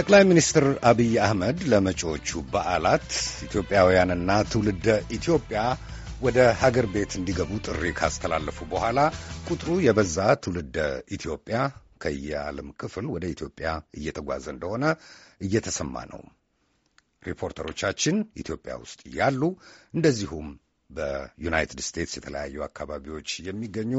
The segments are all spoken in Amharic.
ጠቅላይ ሚኒስትር አብይ አህመድ ለመጪዎቹ በዓላት ኢትዮጵያውያንና ትውልደ ኢትዮጵያ ወደ ሀገር ቤት እንዲገቡ ጥሪ ካስተላለፉ በኋላ ቁጥሩ የበዛ ትውልደ ኢትዮጵያ ከየዓለም ክፍል ወደ ኢትዮጵያ እየተጓዘ እንደሆነ እየተሰማ ነው። ሪፖርተሮቻችን ኢትዮጵያ ውስጥ ያሉ እንደዚሁም በዩናይትድ ስቴትስ የተለያዩ አካባቢዎች የሚገኙ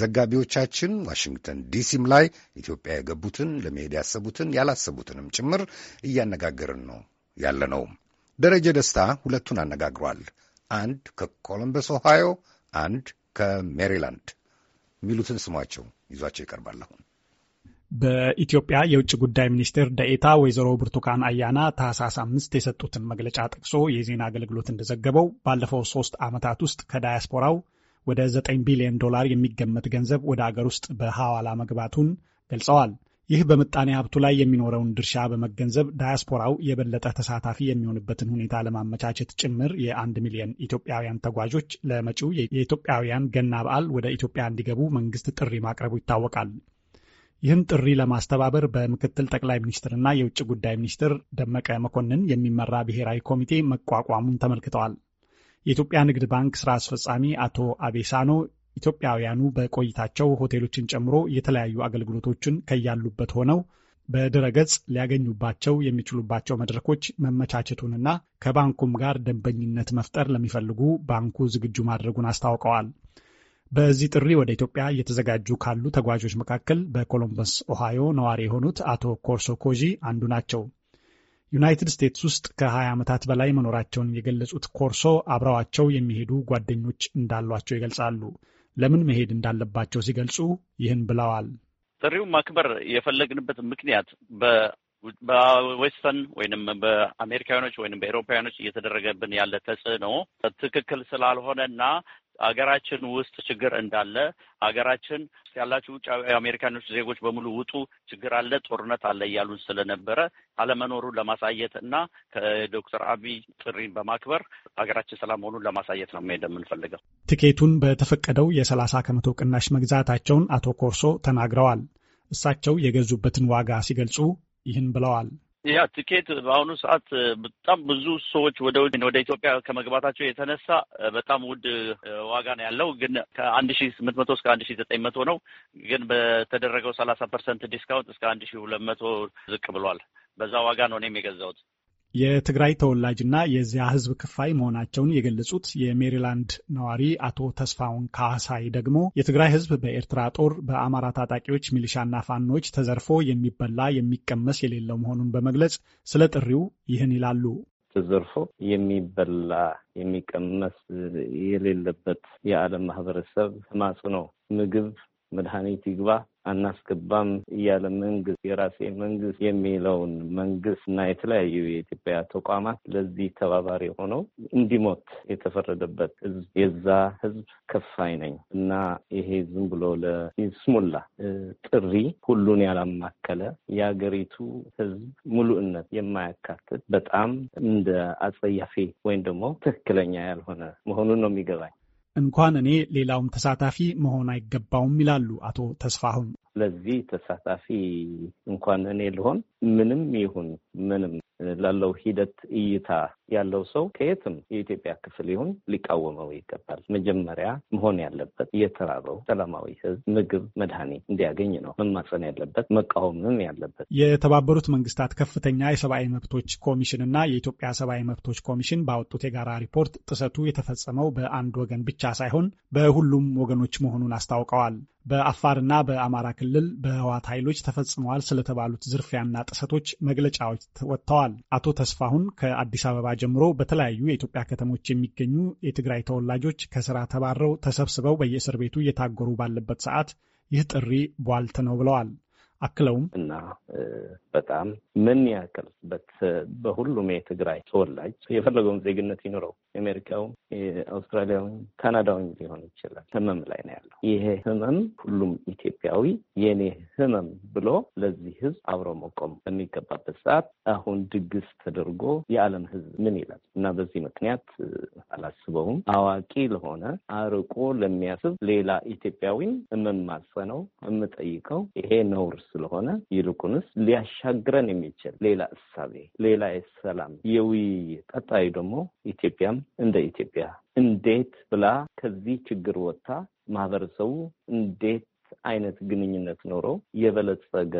ዘጋቢዎቻችን ዋሽንግተን ዲሲም ላይ ኢትዮጵያ የገቡትን ለመሄድ ያሰቡትን ያላሰቡትንም ጭምር እያነጋገርን ነው ያለ ነው። ደረጀ ደስታ ሁለቱን አነጋግሯል። አንድ ከኮሎምበስ ኦሃዮ፣ አንድ ከሜሪላንድ የሚሉትን ስሟቸው ይዟቸው ይቀርባል አሁን በኢትዮጵያ የውጭ ጉዳይ ሚኒስቴር ደኤታ ወይዘሮ ብርቱካን አያና ታህሳስ አምስት የሰጡትን መግለጫ ጠቅሶ የዜና አገልግሎት እንደዘገበው ባለፈው ሶስት ዓመታት ውስጥ ከዳያስፖራው ወደ 9 ቢሊዮን ዶላር የሚገመት ገንዘብ ወደ አገር ውስጥ በሐዋላ መግባቱን ገልጸዋል። ይህ በምጣኔ ሀብቱ ላይ የሚኖረውን ድርሻ በመገንዘብ ዳያስፖራው የበለጠ ተሳታፊ የሚሆንበትን ሁኔታ ለማመቻቸት ጭምር የአንድ ሚሊዮን ኢትዮጵያውያን ተጓዦች ለመጪው የኢትዮጵያውያን ገና በዓል ወደ ኢትዮጵያ እንዲገቡ መንግስት ጥሪ ማቅረቡ ይታወቃል። ይህን ጥሪ ለማስተባበር በምክትል ጠቅላይ ሚኒስትርና የውጭ ጉዳይ ሚኒስትር ደመቀ መኮንን የሚመራ ብሔራዊ ኮሚቴ መቋቋሙን ተመልክተዋል። የኢትዮጵያ ንግድ ባንክ ስራ አስፈጻሚ አቶ አቤሳኖ ኢትዮጵያውያኑ በቆይታቸው ሆቴሎችን ጨምሮ የተለያዩ አገልግሎቶችን ከያሉበት ሆነው በድረገጽ ሊያገኙባቸው የሚችሉባቸው መድረኮች መመቻቸቱንና ከባንኩም ጋር ደንበኝነት መፍጠር ለሚፈልጉ ባንኩ ዝግጁ ማድረጉን አስታውቀዋል። በዚህ ጥሪ ወደ ኢትዮጵያ እየተዘጋጁ ካሉ ተጓዦች መካከል በኮሎምበስ ኦሃዮ ነዋሪ የሆኑት አቶ ኮርሶ ኮዢ አንዱ ናቸው። ዩናይትድ ስቴትስ ውስጥ ከ20 ዓመታት በላይ መኖራቸውን የገለጹት ኮርሶ አብረዋቸው የሚሄዱ ጓደኞች እንዳሏቸው ይገልጻሉ። ለምን መሄድ እንዳለባቸው ሲገልጹ ይህን ብለዋል። ጥሪውን ማክበር የፈለግንበት ምክንያት በዌስተን ወይንም በአሜሪካኖች ወይንም በኤሮፓውያኖች እየተደረገብን ያለ ተጽዕኖ ትክክል ስላልሆነ እና አገራችን ውስጥ ችግር እንዳለ አገራችን ያላችሁ ውጭ የአሜሪካኖች ዜጎች በሙሉ ውጡ፣ ችግር አለ፣ ጦርነት አለ እያሉን ስለነበረ አለመኖሩን ለማሳየት እና ከዶክተር አብይ ጥሪን በማክበር ሀገራችን ሰላም መሆኑን ለማሳየት ነው መሄድ የምንፈልገው። ትኬቱን በተፈቀደው የሰላሳ ከመቶ ቅናሽ መግዛታቸውን አቶ ኮርሶ ተናግረዋል። እሳቸው የገዙበትን ዋጋ ሲገልጹ ይህን ብለዋል። ያ ትኬት በአሁኑ ሰዓት በጣም ብዙ ሰዎች ወደ ወደ ኢትዮጵያ ከመግባታቸው የተነሳ በጣም ውድ ዋጋ ነው ያለው። ግን ከአንድ ሺ ስምንት መቶ እስከ አንድ ሺ ዘጠኝ መቶ ነው። ግን በተደረገው ሰላሳ ፐርሰንት ዲስካውንት እስከ አንድ ሺ ሁለት መቶ ዝቅ ብሏል። በዛ ዋጋ ነው እኔም የገዛሁት። የትግራይ ተወላጅና የዚያ ህዝብ ክፋይ መሆናቸውን የገለጹት የሜሪላንድ ነዋሪ አቶ ተስፋውን ካሳይ ደግሞ የትግራይ ህዝብ በኤርትራ ጦር፣ በአማራ ታጣቂዎች ሚሊሻና ፋኖች ተዘርፎ የሚበላ የሚቀመስ የሌለው መሆኑን በመግለጽ ስለ ጥሪው ይህን ይላሉ። ተዘርፎ የሚበላ የሚቀመስ የሌለበት የዓለም ማህበረሰብ ማጽ ነው። ምግብ መድኃኒት ይግባ አናስገባም እያለ መንግስት የራሴ መንግስት የሚለውን መንግስት እና የተለያዩ የኢትዮጵያ ተቋማት ለዚህ ተባባሪ ሆነው እንዲሞት የተፈረደበት ህዝብ የዛ ህዝብ ከፋይ ነኝ እና ይሄ ዝም ብሎ ለስሙላ ጥሪ ሁሉን ያላማከለ የሀገሪቱ ህዝብ ሙሉእነት የማያካትት በጣም እንደ አጸያፊ ወይም ደግሞ ትክክለኛ ያልሆነ መሆኑን ነው የሚገባኝ። እንኳን እኔ ሌላውም ተሳታፊ መሆን አይገባውም ይላሉ አቶ ተስፋሁን። ለዚህ ተሳታፊ እንኳን እኔ ልሆን ምንም ይሁን ምንም ላለው ሂደት እይታ ያለው ሰው ከየትም የኢትዮጵያ ክፍል ይሁን ሊቃወመው ይገባል። መጀመሪያ መሆን ያለበት የተራበው ሰላማዊ ህዝብ ምግብ፣ መድኃኒት እንዲያገኝ ነው መማፀን ያለበት መቃወምም ያለበት። የተባበሩት መንግስታት ከፍተኛ የሰብአዊ መብቶች ኮሚሽን የኢትዮጵያ ሰብአዊ መብቶች ኮሚሽን ባወጡት የጋራ ሪፖርት ጥሰቱ የተፈጸመው በአንድ ወገን ብቻ ሳይሆን በሁሉም ወገኖች መሆኑን አስታውቀዋል። በአፋርና በአማራ ክልል በህዋት ኃይሎች ተፈጽመዋል ስለተባሉት ዝርፊያና ጥሰቶች መግለጫዎች ወጥተዋል። አቶ ተስፋሁን ከአዲስ አበባ ጀምሮ በተለያዩ የኢትዮጵያ ከተሞች የሚገኙ የትግራይ ተወላጆች ከስራ ተባረው ተሰብስበው በየእስር ቤቱ እየታገሩ ባለበት ሰዓት ይህ ጥሪ ቧልት ነው ብለዋል። አክለውም እና በጣም ምን ያክል በሁሉም የትግራይ ተወላጅ የፈለገውን ዜግነት ይኑረው የአሜሪካውም፣ የአውስትራሊያውም፣ ካናዳውም ሊሆን ይችላል ህመም ላይ ነው ያለው። ይሄ ህመም ሁሉም ኢትዮጵያዊ የኔ ህመም ብሎ ለዚህ ህዝብ አብሮ መቆም በሚገባበት ሰዓት አሁን ድግስ ተደርጎ የዓለም ህዝብ ምን ይላል እና በዚህ ምክንያት አላስበውም። አዋቂ ለሆነ አርቆ ለሚያስብ ሌላ ኢትዮጵያዊን የምማጸነው የምጠይቀው ይሄ ነውር ስለሆነ ይልቁንስ ሊያሻግረን የሚችል ሌላ እሳቤ፣ ሌላ የሰላም የውይይት ቀጣዩ ደግሞ ኢትዮጵያም እንደ ኢትዮጵያ እንዴት ብላ ከዚህ ችግር ወጥታ ማህበረሰቡ እንዴት አይነት ግንኙነት ኖሮ የበለጸገ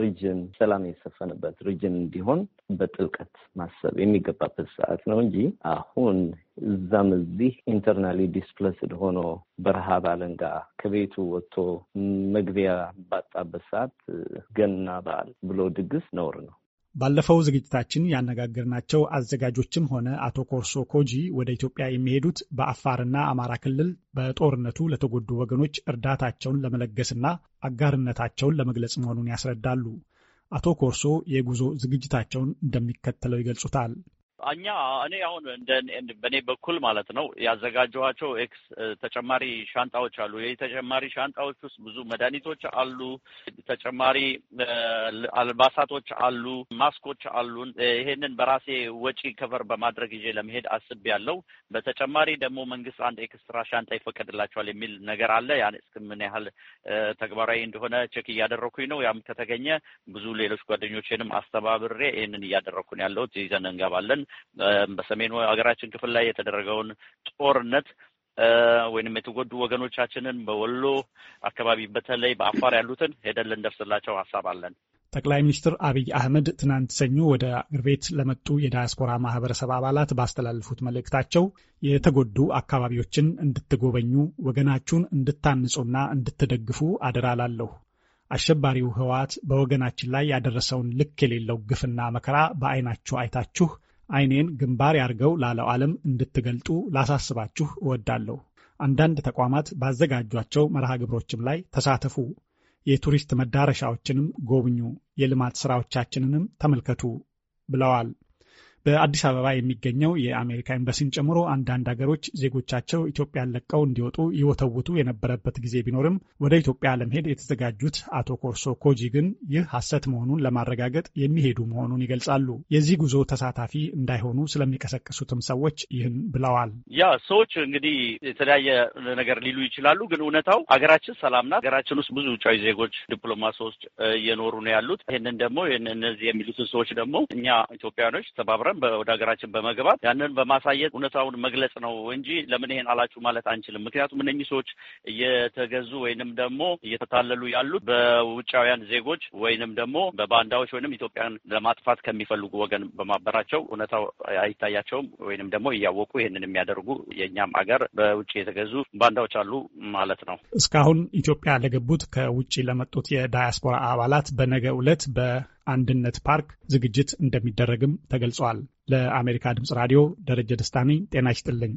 ሪጅን ሰላም የሰፈንበት ሪጅን እንዲሆን በጥልቀት ማሰብ የሚገባበት ሰዓት ነው እንጂ አሁን እዛም እዚህ ኢንተርናሊ ዲስፕለስድ ሆኖ በረሃ ባለንጋ ከቤቱ ወጥቶ መግቢያ ባጣበት ሰዓት ገና በዓል ብሎ ድግስ ነውር ነው። ባለፈው ዝግጅታችን ያነጋገርናቸው አዘጋጆችም ሆነ አቶ ኮርሶ ኮጂ ወደ ኢትዮጵያ የሚሄዱት በአፋርና አማራ ክልል በጦርነቱ ለተጎዱ ወገኖች እርዳታቸውን ለመለገስና አጋርነታቸውን ለመግለጽ መሆኑን ያስረዳሉ። አቶ ኮርሶ የጉዞ ዝግጅታቸውን እንደሚከተለው ይገልጹታል። እኛ እኔ አሁን እንደ በእኔ በኩል ማለት ነው ያዘጋጀኋቸው ኤክስ ተጨማሪ ሻንጣዎች አሉ። ይህ ተጨማሪ ሻንጣዎች ውስጥ ብዙ መድኃኒቶች አሉ፣ ተጨማሪ አልባሳቶች አሉ፣ ማስኮች አሉ። ይሄንን በራሴ ወጪ ከቨር በማድረግ ይዤ ለመሄድ አስብ ያለው። በተጨማሪ ደግሞ መንግስት አንድ ኤክስትራ ሻንጣ ይፈቀድላቸዋል የሚል ነገር አለ። ያን እስክ ምን ያህል ተግባራዊ እንደሆነ ቼክ እያደረኩኝ ነው። ያም ከተገኘ ብዙ ሌሎች ጓደኞቼንም አስተባብሬ ይህንን እያደረኩን ያለሁት ይዘን እንገባለን። በሰሜኑ ሀገራችን ክፍል ላይ የተደረገውን ጦርነት ወይንም የተጎዱ ወገኖቻችንን በወሎ አካባቢ በተለይ በአፋር ያሉትን ሄደን ልንደርስላቸው ሀሳብ አለን። ጠቅላይ ሚኒስትር አብይ አህመድ ትናንት ሰኞ ወደ አገር ቤት ለመጡ የዳያስፖራ ማህበረሰብ አባላት ባስተላለፉት መልእክታቸው የተጎዱ አካባቢዎችን እንድትጎበኙ፣ ወገናችሁን እንድታንጹና እንድትደግፉ አደራ ላለሁ። አሸባሪው ህወሓት በወገናችን ላይ ያደረሰውን ልክ የሌለው ግፍና መከራ በአይናችሁ አይታችሁ አይኔን ግንባር ያርገው ላለው ዓለም እንድትገልጡ ላሳስባችሁ እወዳለሁ። አንዳንድ ተቋማት ባዘጋጇቸው መርሃ ግብሮችም ላይ ተሳተፉ። የቱሪስት መዳረሻዎችንም ጎብኙ፣ የልማት ስራዎቻችንንም ተመልከቱ ብለዋል። በአዲስ አበባ የሚገኘው የአሜሪካ ኤምባሲን ጨምሮ አንዳንድ ሀገሮች ዜጎቻቸው ኢትዮጵያን ለቀው እንዲወጡ ይወተውቱ የነበረበት ጊዜ ቢኖርም ወደ ኢትዮጵያ ለመሄድ የተዘጋጁት አቶ ኮርሶ ኮጂ ግን ይህ ሐሰት መሆኑን ለማረጋገጥ የሚሄዱ መሆኑን ይገልጻሉ። የዚህ ጉዞ ተሳታፊ እንዳይሆኑ ስለሚቀሰቅሱትም ሰዎች ይህን ብለዋል። ያ ሰዎች እንግዲህ የተለያየ ነገር ሊሉ ይችላሉ። ግን እውነታው ሀገራችን ሰላም ናት። ሀገራችን ውስጥ ብዙ ውጫዊ ዜጎች ዲፕሎማሶች እየኖሩ ነው ያሉት። ይህንን ደግሞ እነዚህ የሚሉትን ሰዎች ደግሞ እኛ ኢትዮጵያኖች ተባብረን ነበረም ወደ ሀገራችን በመግባት ያንን በማሳየት እውነታውን መግለጽ ነው እንጂ ለምን ይሄን አላችሁ ማለት አንችልም። ምክንያቱም እነኚህ ሰዎች እየተገዙ ወይንም ደግሞ እየተታለሉ ያሉት በውጫውያን ዜጎች ወይንም ደግሞ በባንዳዎች ወይንም ኢትዮጵያን ለማጥፋት ከሚፈልጉ ወገን በማበራቸው እውነታው አይታያቸውም ወይንም ደግሞ እያወቁ ይህንን የሚያደርጉ የእኛም አገር በውጭ የተገዙ ባንዳዎች አሉ ማለት ነው። እስካሁን ኢትዮጵያ ለገቡት ከውጭ ለመጡት የዳያስፖራ አባላት በነገ ዕለት በ አንድነት ፓርክ ዝግጅት እንደሚደረግም ተገልጿል። ለአሜሪካ ድምፅ ራዲዮ ደረጀ ደስታ ነኝ። ጤና ይስጥልኝ።